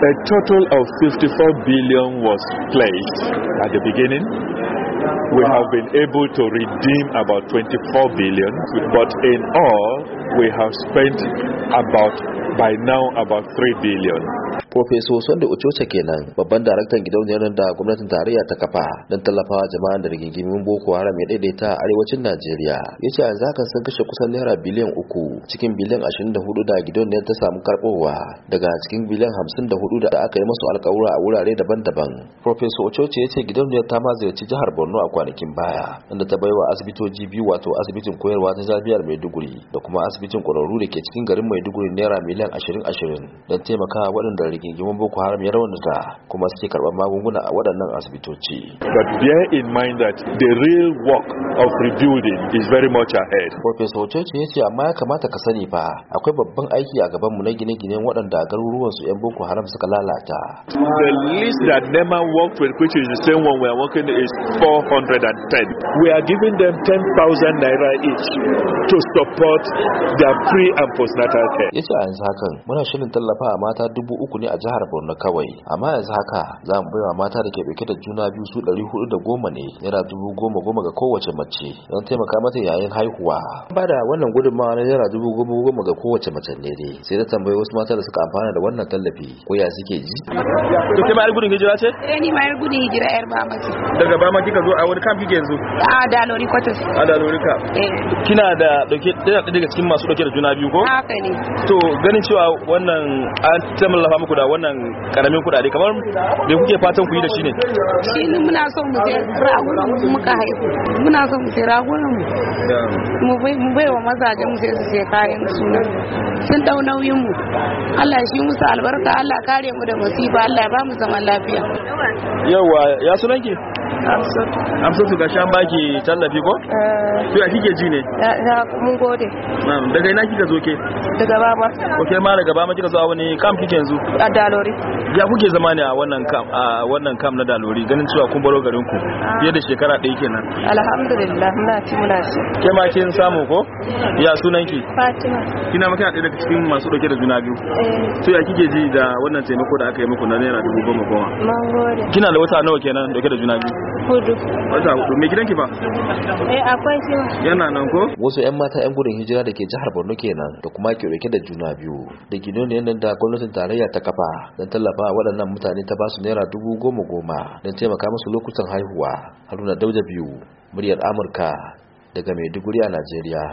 a total of 54 billion was placed at the beginning. We have been able to redeem about 24 billion, but in all, we have spent about by now about 3 billion. Profeso Sunday Uchocha kenan babban daraktan gidauniyar da gwamnatin tarayya ta kafa don tallafawa jama'an da rigingimin Boko Haram ya daidaita a arewacin Najeriya. yace yanzu hakan sun kashe kusan naira biliyan uku cikin biliyan ashirin da hudu da gidauniyar ta samu karbowa daga cikin biliyan hamsin da hudu da aka yi masu alkawura a wurare daban-daban. Profeso Uchocha ya ce gidauniyar ta ma ziyarci jihar Borno a kwanakin baya inda ta wa asibitoji biyu wato asibitin koyarwa na jami'ar Maiduguri da kuma asibitin ƙwararru da ke cikin garin Maiduguri naira miliyan ashirin ashirin don taimakawa waɗanda rigingimin boko haram ya raunata kuma suke karɓar magunguna a waɗannan asibitoci but bear in mind that the real work of rebuilding is very much ahead professor ochochi ya ce amma ya kamata ka sani fa akwai babban aiki a gaban mu na gine-ginen waɗanda garuruwan su yan boko haram suka lalata the list that nema worked with which is the same one we are working is 410 we are giving them 10,000 naira each to support their pre and postnatal care yace a yanzu hakan muna shirin tallafa a mata dubu uku ne a jihar borno kawai amma yanzu haka za mu baiwa mata da ke dauke da juna biyu su ɗari hudu da goma ne naira dubu goma goma ga kowace mace don taimaka mata yayin haihuwa ba da wannan gudunmawa na naira dubu goma goma ga kowace mace ne dai sai da tambayi wasu mata da suka amfana da wannan tallafi ko ya suke ji to ke ma gudun hijira ce eh ni ma gudun hijira yar ba mace daga ba ma kika zo a wani kamfi ke yanzu a da lori kwatas a da lori ka eh. kina da dauke daga cikin masu dauke da juna biyu ko haka ne to ganin cewa wannan an tallafa muku da wannan karamin kudade kamar me kuke fatan ku yi da shi ne shi ne muna son mu sai ragunan mu muka haihu muna son mu sai ragunan mu mu bai wa mazaje mu sai su sai kayan suna sun dau nauyin mu Allah shi musu albarka Allah kare mu da musiba Allah ya ba mu zaman lafiya yawa ya sunan ki? su ga shan baki tallafi ko eh. to ya kike ji ne mun gode daga ina kika zo ke daga bama ko ke ma daga bama kika zo a wani kam kike yanzu a dalori ya kuke zama ne a wannan kam a wannan kam na dalori ganin cewa kun baro garin ku ah. fiye da shekara ɗaya kenan alhamdulillah muna ci muna ci ke ma kin samu ko ya sunan ki fatima kina maka kina ɗaya daga cikin masu dauke da juna biyu eh. to ya kike ji da wannan taimako da aka yi muku na naira dubu goma goma mun gode kina da wata nawa kenan dauke da juna biyu hudu wata hudu mai gidanki ba eh akwai shi yana nan ko wasu yan mata yan gudun hijira da ke jihar Borno kenan da kuma ke dauke da juna biyu da gidan nan da gwamnatin tarayya ta kafa don tallafa waɗannan mutane ta basu naira dubu goma goma don taimaka musu lokutan haihuwa haruna dauda biyu muryar amurka daga maiduguri a najeriya